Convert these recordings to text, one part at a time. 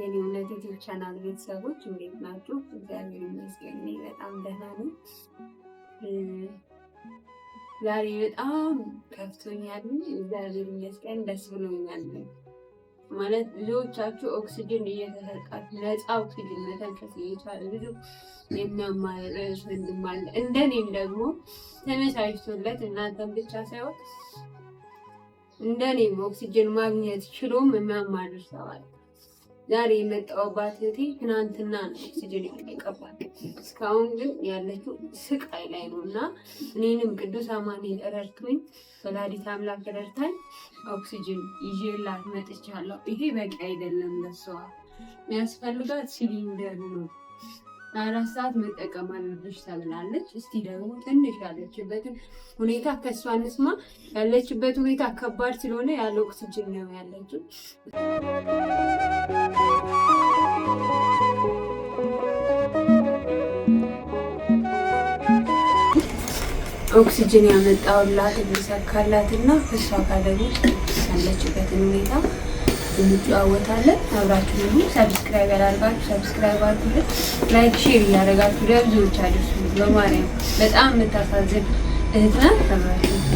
የኔ እውነት ዩቲዩብ ቻናል ቤተሰቦች እንዴት ናችሁ? እግዚአብሔር ይመስገን በጣም ደህና ነኝ። ዛሬ በጣም ከፍቶኛል። እግዚአብሔር ይመስገን ደስ ብሎኛል። ማለት ብዙዎቻችሁ ኦክሲጅን እየተሰጣችሁ ነፃ ኦክሲጅን መተንፈስ እየቻለ ብዙ የሚያማርጥ ወንድም አለ። እንደኔም ደግሞ ተመቻችቶለት እናንተን ብቻ ሳይሆን እንደኔም ኦክሲጅን ማግኘት ችሎም የሚያማርጥ ሰው አለ። ዛሬ የመጣሁባት እህቴ ትናንትና ነው ኦክሲጅን የተቀባት። እስካሁን ግን ያለችው ስቃይ ላይ ነው እና እኔንም ቅዱስ አማኔ ረድቶኝ ወላዲተ አምላክ ረድታኝ ኦክሲጅን ይዤላት መጥቻለሁ። ይሄ በቂ አይደለም። ለሷ የሚያስፈልጋት ሲሊንደር ነው። አራት ሰዓት መጠቀም አለብሽ ተብላለች። እስቲ ደግሞ ትንሽ ያለችበትን ሁኔታ ከእሷ እንስማ። ያለችበት ሁኔታ ከባድ ስለሆነ ያለ ኦክስጅን ነው ያለችው። ኦክስጅን ያመጣውላት ሊሰካላት እና ከእሷ ጋር ደግሞ ያለችበትን ሁኔታ እንጨዋወታለን። አብራችሁ ደግሞ ሰብስክራይብ ያላደርጋችሁ ሰብስክራይብ አድርጉልን፣ ላይክ ሼር እያደረጋችሁ ለብዙዎች አድርሱ። በማርያም በጣም የምታሳዝን እህት ናት።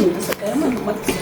እንቅስቃሴ ማለት ነው።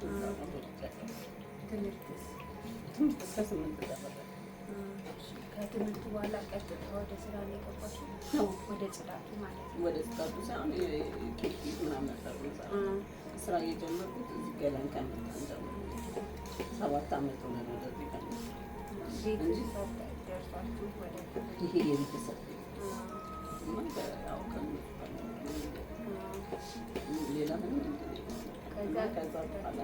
ከትምህርት በኋላ ቀጥታ ወደ ስራ ነው ወደ ጽዳቱ ማለት ነው። ወደ ጽዳቱ ሳይሆን ኬክ ምናምን ስራ እየጀመርኩት እዚህ ሰባት አመት ሆነ ነው ይሄ የቤተሰብ ሌላ ምንም ከዛ በኋላ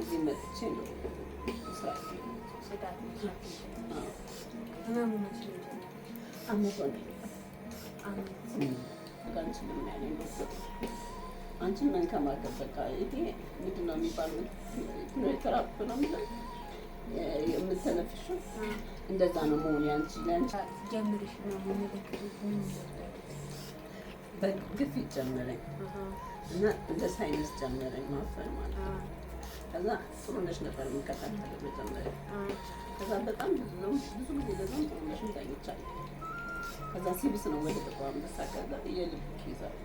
እዚህ መጥቼ ነው አንቺን መንከባከብ በቃ ይሄ ምንድን ነው የሚባለው? ቴራፕ ነው የምትተነፍሺው። እንደዛ ነው መሆን ያንቺ ለአንቺ በግፍ ይጨምረኝ እና እንደ ሳይንስ ጀመረኝ ማፈን ማለት ነው። ከዛ ጥሩነሽ ነበር የሚከታተለው መጀመሪያ። ከዛ በጣም ብዙም ብዙ ጊዜ ገዛም ጥሩነሽን ታኝቻለሁ። ከዛ ሲብስ ነው ወደ ጥቁር አንበሳ ከዛ የልብ ይዛል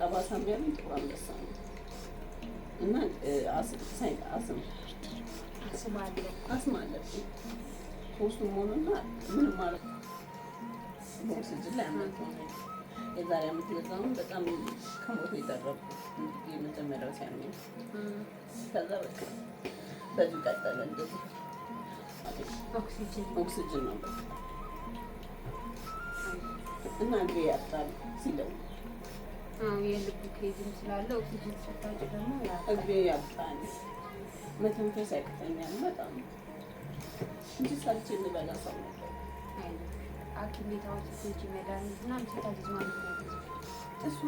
ጠባሳ ቢያለኝ ጥቁር አንበሳ ነው እና አስም አስም አለብኝ ሶስቱም ሆኑና ምንም ማለት ቦክስ እጅ ላይ አመልጦ ነው የዛሬ ዓመት የገዛውን በጣም ከሞት የጠረኩት የመጀመሪያው ሲያመኝ፣ ከዛ በቃ በዚህ ቀጠለ። እንደዚህ ኦክሲጅን ነው እና አንዴ ያጣል ሲለው የልብ ኬዝም ስላለ ኦክሲጅን ሰታጭ ደግሞ እግሬ ያጣል፣ መተንፈስ ያቅተኛል በጣም እንጂ ሳልችል ልበላ ሰው ነበር ሐኪም ቤት አውጥቼ መድኃኒት ምናምን ስታዘዝ ማለት ነው። ከዛ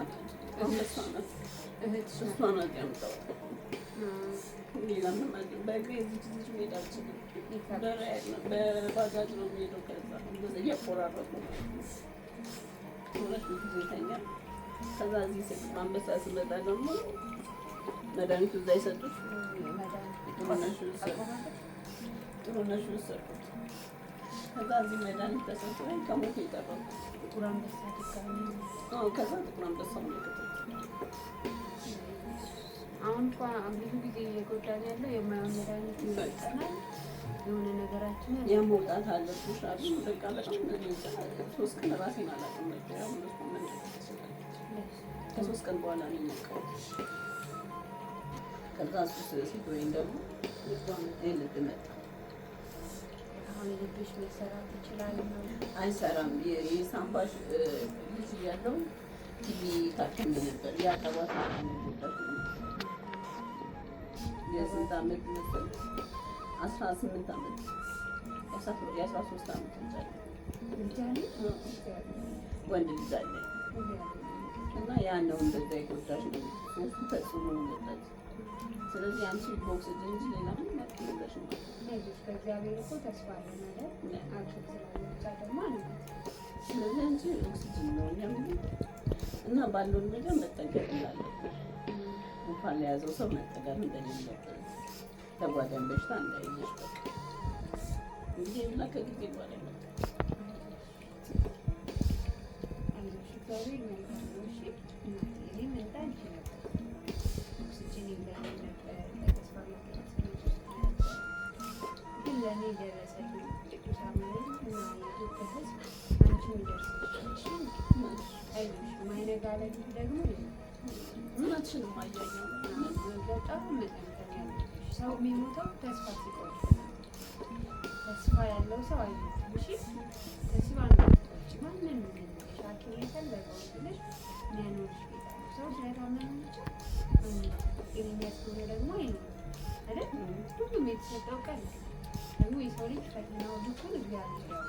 እዚህ አንበሳ ስመጣ ደግሞ ከዛ እዚህ መድኃኒት ላይ ከሞት የጠረኩት ጥቁር አንበሳ አሁን ብዙ ጊዜ እየጎዳን ያለው የማይሆን መድኃኒት ይጠናል። የሆነ ነገራችን አለብሽ አሉ። በቃ ሶስት ቀን ራሴን አላውቅም ነበር። ከሶስት ቀን በኋላ ነው የሚያውቀው። ከዛ ሱስ ደግሞ ልክ መጣ አሁን ልብሽ መሰራት ይችላል። አይሰራም። የሳምባሽ ልጅ እያለው ቲቪ ታክም ነበር ያጠባት የስንት ዓመት መሰል አስራ ስምንት ዓመት የአስራ ሶስት ዓመት ወንድ ልጅ አለ እና ያነው እንደዛ የጎዳሽ ነው ተጽዕኖ ነበር። ስለዚህ አንቺ ቦክስ እንጂ ሌላ ልጆች በእግዚአብሔር እኮ ተስፋ እና ባለውን ነገር መጠንቀቅ እንዳለብን እንኳን ለያዘው ሰው መጠቀም እንደሌለብን ለጓዳን በሽታ እንዳይዘሽ እና ከጊዜ በኋላ ይመጣል። ሰው የሚሞተው ተስፋ ሲቆይ ተስፋ ያለው ሰው አይ እሺ የፈለገው ብለሽ ደግሞ አይነ አይደል ሁሉም የተሰጠው ቀን ደግሞ የሰው ልጅ ፈተናው ልኩን እግዚአብሔር ያውቃል።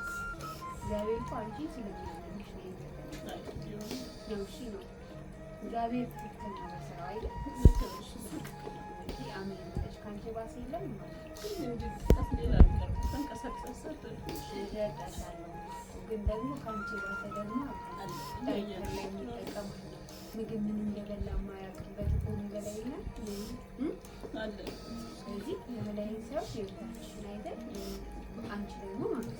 እግዚአብሔር እኮ አንቺ ስለሚያምንሽ ነው ነው እሺ ነው እግዚአብሔር ትክክል ነው በስራው አይደል? አመለጠች ከአንቺ ባስ የለም እረዳሻለሁ፣ ግን ደግሞ ከአንቺ ባሰ ደግሞ ላይ ምግብ ምን እንደበላ የማያውቅበት ሆኑ በላይ ና ስለዚህ የበላይ ሰው የቤታችን አይደል አንቺ ደግሞ ማለት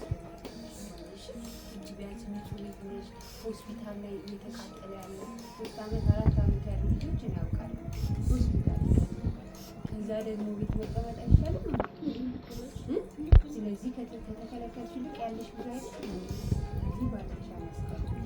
ነው ሆስፒታል ላይ እየተቃጠለ ያለ ሶስት ዓመት አራት ዓመት ያሉ ልጆች ያውቃል። ሆስፒታል ከዛ ደግሞ ቤት መቀመጥ አይቻልም። ስለዚህ ከተከለከልሽ ይልቅ ያለሽ ብዙ አይደል ባለሻ መስጠት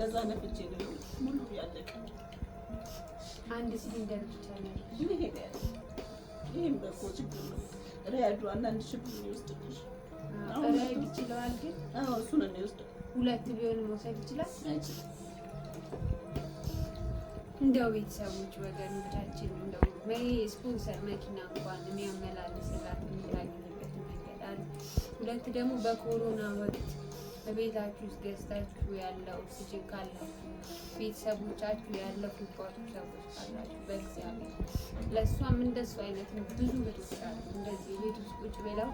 ከዛ ነፍቼ ነው ሙሉ ያለቀ አንድ ሲሊንደር ብቻ ነው። ይሄ በኮ ችግር ነው። ሪያዱ አንዳንድ ችግር ነው ይወስድልሽ። ሪያድ ይችለዋል ግን፣ አዎ እሱ ነው የሚወስደው። ሁለት ቢሆን መውሰድ ይችላል። እንደው ቤተሰቦች ወገኖቻችን እንደው ስፖንሰር መኪና እንኳን የሚያመላልስላት የምታገኝበት መንገድ አለ። ሁለት ደግሞ በኮሮና ወቅት በቤታችሁ ውስጥ ገዝታችሁ ያለው ችግር ካላችሁ ቤተሰቦቻችሁ ያለፉባችሁ ሰዎች ካላችሁ በእግዚአብሔር ለእሷም እንደሱ አይነት ነው። ብዙ ቤቶች አሉ እንደዚህ ቤት ውስጥ ቁጭ ብለው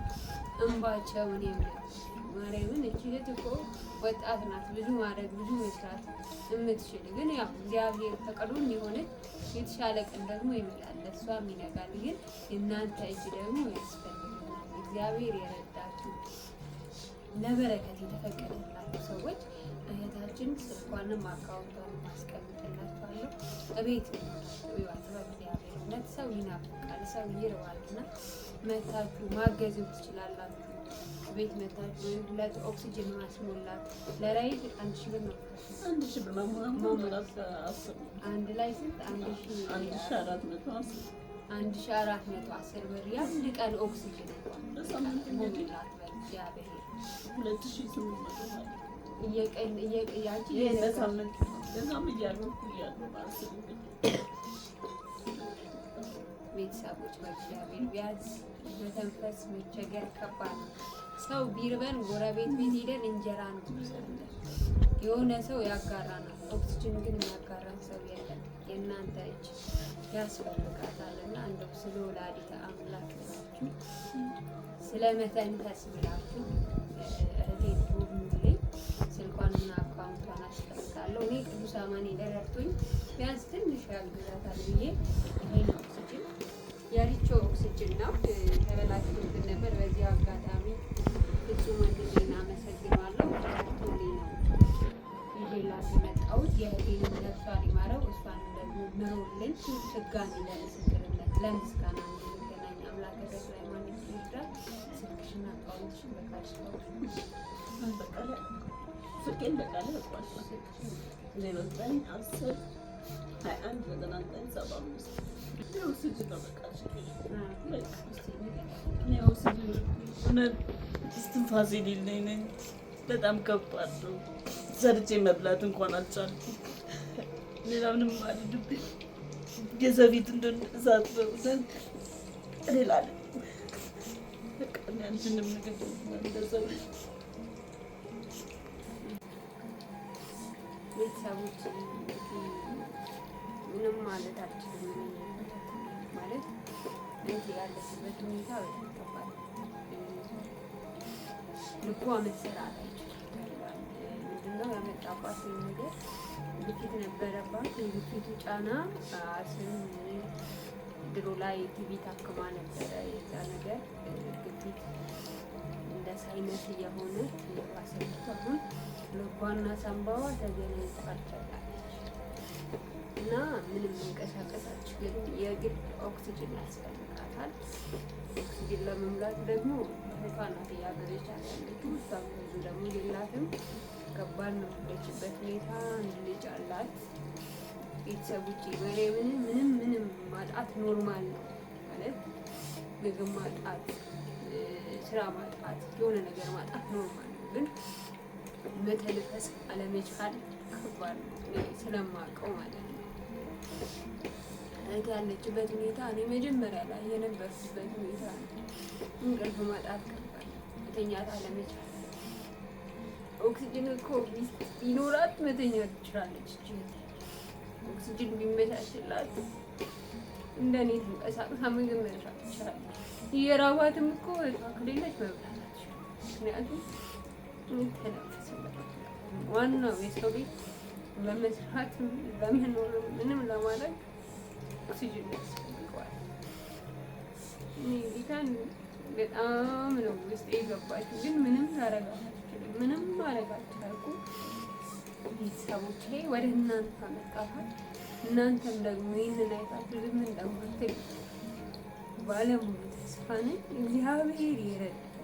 እንባቸውን የሚያስ ማርያምን እቺ ልጅ እኮ ወጣት ናት፣ ብዙ ማድረግ ብዙ መስራት የምትችል ግን ያው እግዚአብሔር ፈቀዱን የሆነች የተሻለ ቀን ደግሞ ይመጣል፣ ለእሷም ይነጋል። ግን የእናንተ እጅ ደግሞ ያስፈልግናል። እግዚአብሔር የረዳችሁ ለበረከት የተፈቀደላቸው ሰዎች እህታችን ስልኳንም አካውንቷን ማስቀምጥላቸዋለሁ። እቤት ዋት በእግዚአብሔርነት ሰው ይናፍቃል፣ ሰው ይርባል እና መታችሁ ማገዝ ትችላላችሁ። ቤት መታችሁ ኦክሲጅን ማስሞላት ለራይድ አንድ ሺ ብር አንድ ሺ ብር አንድ ላይ ስንት? አንድ ሺ አንድ ሺ አራት መቶ አስር አንድ ሺ አራት መቶ አስር ብር የአንድ ቀን ኦክሲጅን ሞላት በእግዚአብሔር ቤተሰቦች በእግዚአብሔር ቢያንስ በተንፈስ መቸገር ከባድ ነው። ሰው ቢርበን ጎረቤት ቤት ሄደን እንጀራ የሆነ ሰው ያጋራናል። ኦክስጅን ግን የሚያጋራን ሰው የለም። የእናንተ እጅ ያስፈልጋታል እና እንደው ስለ ወላዲተ አምላክ ብላችሁ ስለ መተንፈስ ብላችሁ አለው። እኔ ቅዱስ አማኔ ደረርቶኝ ቢያንስ ትንሽ ያግዛታል ብዬ ይሄን ኦክሲጅን የሪቾ ኦክሲጅን ነው ተበላሽቶብን ነበር። በዚህ አጋጣሚ ፍጹም ወንድሜን አመሰግናለሁ። ቶሌ ነው ይዤላት የመጣሁት የእህቴን ነፍሷ ሊማረው እሷን ደግሞ ምሮልን ህጋሚ ለምስክርነት ለምስጋና የሚገናኝ አምላክ ተክለ ሃይማኖት ስልክሽና ቃሎችን በቃ ስልኬን በቃል ያልኳሽ ዜሮ ዘጠኝ አስር ሀያ አንድ ዘጠና ዘጠኝ ሰባ አምስት እስትንፋሴ የሌለኝ ነኝ። በጣም ከባድ ነው። ሰርቼ መብላት እንኳን አልቻልኩም። ሌላ ምንም አልሄድብኝ። የዘቢት እንደሆነ እሳት በውሰን ቤተሰቦች ምንም ማለት አልችልም። ማለት እህቴ ያለችበት ሁኔታ በጣም ከባድ ልቧ መሰራት ይችላል። ምንድነው ያመጣባት ነገር ግፊት ነበረባት። የግፊቱ ጫና አስም ድሮ ላይ ቲቪ ታክማ ነበረ። የዛ ነገር ግፊት አይነት የሆነ የባሰች አሁን ልቧና ሳምባዋ ተገናኝተዋቸላለች እና ምንም መንቀሳቀሳች አትችልም። የግድ ኦክሲጅን ያስፈልጋታል። ኦክሲጅን ለመሙላት ደግሞ ህፃናት እያገረች ያለች ውሳም ብዙ ደግሞ የላትም። ከባድ ነው ያለችበት ሁኔታ። አንድ ልጅ አላት። ቤተሰቦች በሬ ምንም ምንም ምንም ማጣት ኖርማል ነው ማለት ምግብ ማጣት ስራ ማጣት፣ የሆነ ነገር ማጣት ኖርማል ነው፣ ግን መተንፈስ አለመቻል ከባድ ነው ስለማውቀው ማለት ነው። ያለችበት ሁኔታ እኔ መጀመሪያ ላይ የነበርኩበት ሁኔታ እንቅልፍ ማጣት ከባድ፣ መተኛት አለመቻል ኦክሲጅን እኮ ቢኖራት መተኛት ትችላለች ኦክሲጅን ቢመቻችላት እንደኔ ተንቀሳቅሳ ምግብ መስራት ትችላለች። የራባትም እኮ ከሌለች መብላት አትችልም። ምክንያቱም ዋናው የሰው ቤት ለመስራት ለመኖርም ምንም ለማድረግ ኦክሲጅን ያስፈልገዋል። ጌታን በጣም ነው ውስጤ የገባችው፣ ግን ምንም ላረጋት አልችልም። ምንም ማረጋት አልኩ። ቤተሰቦቼ ወደ እናንተ መጣፋት እናንተም ደግሞ ይህንን አይታችሁ ዝም እንደምትል ባለሙሉ ተስፋንን እግዚአብሔር ይረዳል።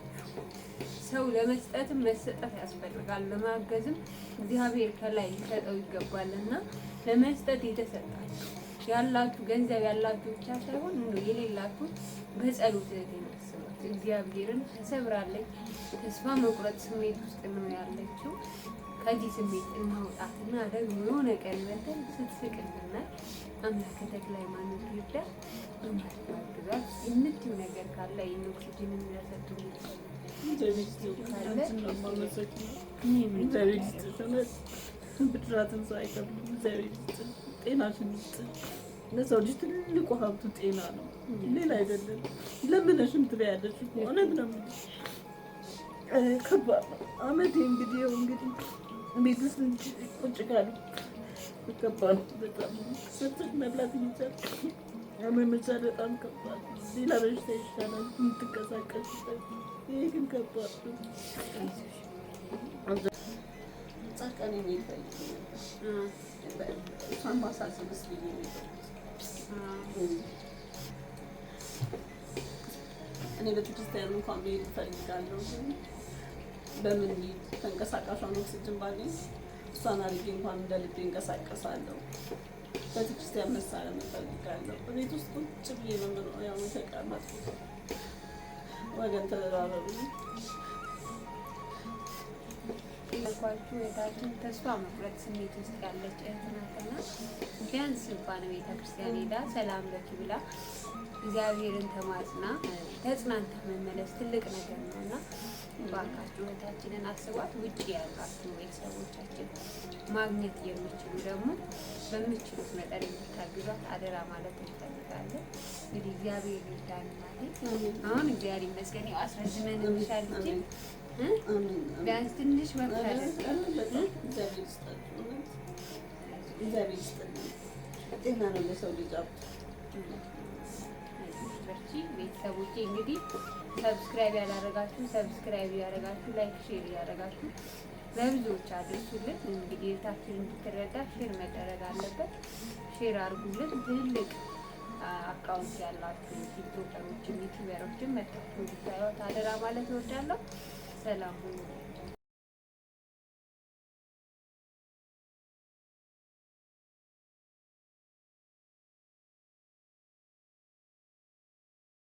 ሰው ለመስጠትም መሰጠት ያስፈልጋል፣ ለማገዝም እግዚአብሔር ከላይ ሊሰጠው ይገባልና ለመስጠት የተሰጣችሁ ያላችሁ ገንዘብ ያላችሁ ብቻ ሳይሆን እንዶ የሌላችሁ በጸሎት ይመስላል እግዚአብሔርን ተሰብራለች። ተስፋ መቁረጥ ስሜት ውስጥ ነው ያለችው። ከዚህ ስሜት እናውጣትና ደግሞ የሆነ ቀን በተን ስትስቅልና አምላክ ተክላይ ማነት ይርዳ ግዛት የምትይው ነገር ካለ ይህን ኦክሲጅን የሚያሰድግ ብድራትን ሳይከፍሉ እግዚአብሔር ይስጥ፣ ጤናሽን ይስጥ። ለሰው ልጅ ትልቁ ሀብቱ ጤና ነው፣ ሌላ አይደለም። ለምነሽም ትለያለሽ። እውነት ነው። ከባድ ነው። አመቴ እንግዲህ እንግዲህ ቤት ውስጥ ቁጭ ካሉ ከባድ በጣም ስትል መብላት ይቻል አመመቻል በጣም ከባድ ሌላ በሽታ ይሻላል የምትንቀሳቀስ ይህ ግን ከባድ እኔ ቤተክርስቲያን እንኳን መሄድ እፈልጋለሁ። በምን ተንቀሳቃሿ ነው ስጅን እሷን አድርጌ እንኳን እንደ ልቤ እንቀሳቀሳለሁ። በቤተክርስቲያን መሳለም እፈልጋለሁ። እቤት ውስጥ ቁጭ ብዬ መኖር ያው የተቀመጡ ወገን ተደራረቡ ያልኳችሁ የታችን ተስፋ መቁረጥ ስሜት ውስጥ ያለች እህትናትና ናትና ቢያንስ እንኳን ቤተ ክርስቲያን ሄዳ ሰላም ለኪ ብላ እግዚአብሔርን ተማጽና ተጽናንታ መመለስ ትልቅ ነገር ነው እና ባካችሁ እህታችንን አስቧት። ውጭ ያላችሁ ቤተሰቦቻችን ማግኘት የሚችሉ ደግሞ በምችሉት መጠን የምታግዟት አደራ ማለት እንፈልጋለን። እንግዲህ እግዚአብሔር ይርዳን። አሁን እግዚአብሔር ይመስገን አስረዝመን የሚሻልችን ቢያንስ ትንሽ መብታለ ጤና ነው ለሰው ልጅ ቤተሰቦቼ እንግዲህ ሰብስክራይብ ያላረጋችሁ ሰብስክራይብ ያረጋችሁ፣ ላይክ ሼር ያረጋችሁ ለብዙዎች አድርሱልን። እንግዲህ እህታችን እንድትረዳ ሼር መደረግ አለበት። ሼር አድርጉልን። ትልቅ አካውንት ያላችሁ ቲክቶከሮችም ዩቲዩበሮችም መጥታችሁ እንድታዩት አደራ ማለት እወዳለሁ። ሰላም ሁኑ።